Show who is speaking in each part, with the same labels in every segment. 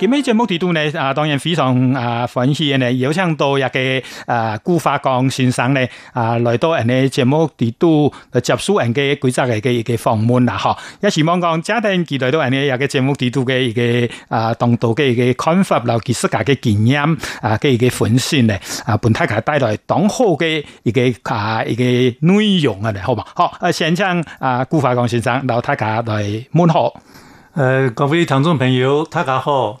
Speaker 1: 今日節目地度呢，啊，當然非常啊歡喜嘅呢，有請到一個啊古華光先生呢啊，來到人嘅節目地度去接受人嘅規則個嘅嘅訪問啦，嗬。也希望講家庭期待到人嘅一個節目地度嘅一個啊，同道一個看法，然後其自家的經驗啊一個分析呢，啊，俾大家帶來更好嘅一個啊一個內容啊，好嘛？好，啊，先生啊，古華光先生，然後大家來問好。誒、呃，各位聽眾朋友，大家好。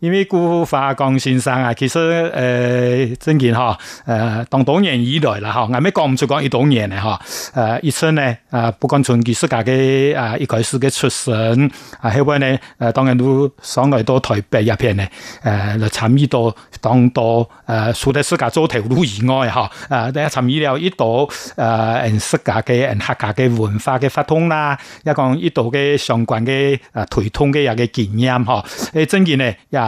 Speaker 1: 因為古華光先生啊，其實呃正經哈，誒、呃，當多年以來啦，嗬，啱啱講唔出講幾多年咧，嗬，誒，一生咧，啊，不管從幾時家嘅啊，一開始嘅出生，啊，後尾咧，呃當然都上來都台北入邊咧，誒、啊，來參與到當多誒，除了自家做頭路以外，嗬、啊，誒、啊，參加了一度誒，世、呃、家嘅、客家嘅文化嘅發通啦，啊一,啊、一個依度嘅相關嘅啊，推動嘅有嘅經驗，嗬，誒，正經咧，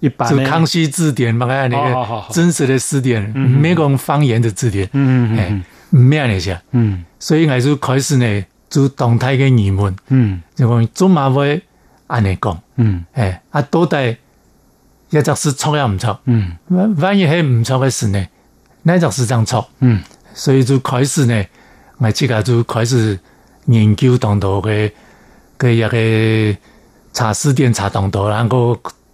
Speaker 1: 一
Speaker 2: 般就《康熙字典》嘛個那個真實的字典，每個方言的字典 um, um, 對，哎，唔咩樣嗯，um, 所以我就開始呢就動態嘅疑問，嗯、um,，就講做馬尾安尼講，嗯，哎，啊，到底一則是錯也唔錯，嗯，萬萬一係唔錯嘅事呢，那則是真錯，嗯，um, 所以就開始呢，我自家就開始研究同台嘅嘅一個查字典查同台，然後。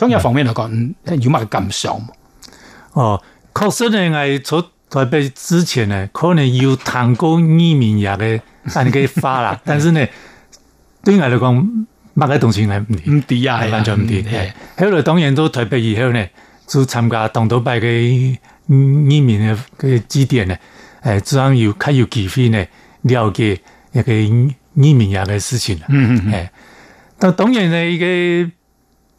Speaker 1: 專業方面來講，嗯、有乜感想？哦，確
Speaker 2: 實呢係出台北之前呢，可能有談過移民的了，嘅嘅話啦。但是呢， 對我來講，乜個東西係唔唔抵呀？ 完全唔抵嘅。後來當然到台北以後呢，就參加黨導派的移民嘅祭典呢，誒、欸，自然有較有機會呢，了解一個移民的事情嗯，誒，但當然咧、這個。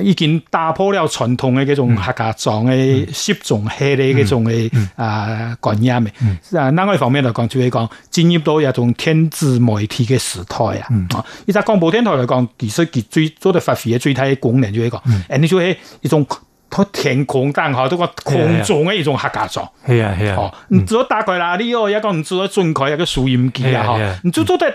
Speaker 1: 已經打破了傳統的這種客家莊的失重係你嗰種嘅啊觀念嘅。另外一方面來講，就係講進入到一種電子媒體嘅時代啊。啊，以廣播電台來講，其實佢最做得發揮嘅最大嘅功能就係講，你就係一種天空當中空中一種客家莊係啊係啊，打開你轉開一個收音機啊，你就在。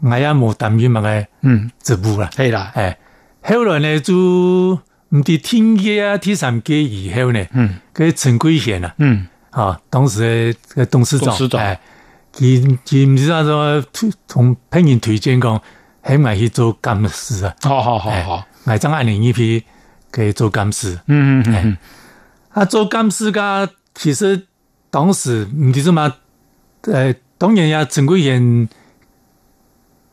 Speaker 2: 我也冇淡遠物嗯，職務啦，係啦、哎，誒，後來呢就唔知天機啊、天神機以後呢，佢陳桂賢嗯，啊，當時嘅董事長，誒、嗯，佢佢唔知阿叔從朋友推薦講，喊我去做幹事啊，好好好好，我爭阿年一批嘅做幹事，嗯，嗯嗯嗯，啊，做幹事噶，其實當時唔知做乜，誒、哎，當然阿陳桂賢。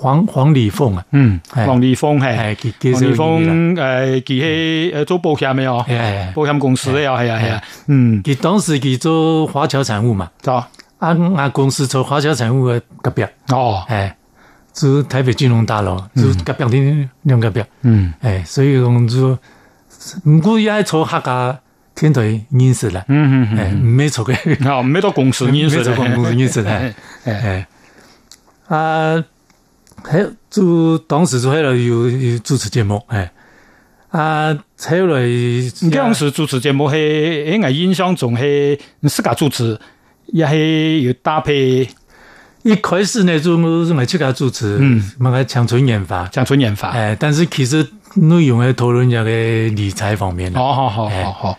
Speaker 2: 黃黃麗峰啊，嗯，黃
Speaker 1: 李峰係，黃麗峰誒，佢喺誒做保險嘅哦，保險公司嘅哦，係啊係啊，嗯，佢當時佢做華僑產物嘛，做，啊公
Speaker 2: 司做華僑產物嘅隔壁，哦，誒，坐台北金融大樓，坐隔邊啲兩隔邊，嗯，誒，所以我坐，唔過也係坐客家天台認識啦，嗯嗯嗯，誒，唔係坐嘅，啊，唔係到公司認識嘅，公司認識嘅，誒，啊。喺做 當時做喺有
Speaker 1: 有主持節目，誒，啊，喺度。當時主持節目係啲嘅印象仲係你自家主持，也係有搭配。一開始呢就就係自個是主持，嗯，咁個講專業發，講專
Speaker 2: 業發。誒，但是其實內容係討論一個理財方面啦。好好好好好。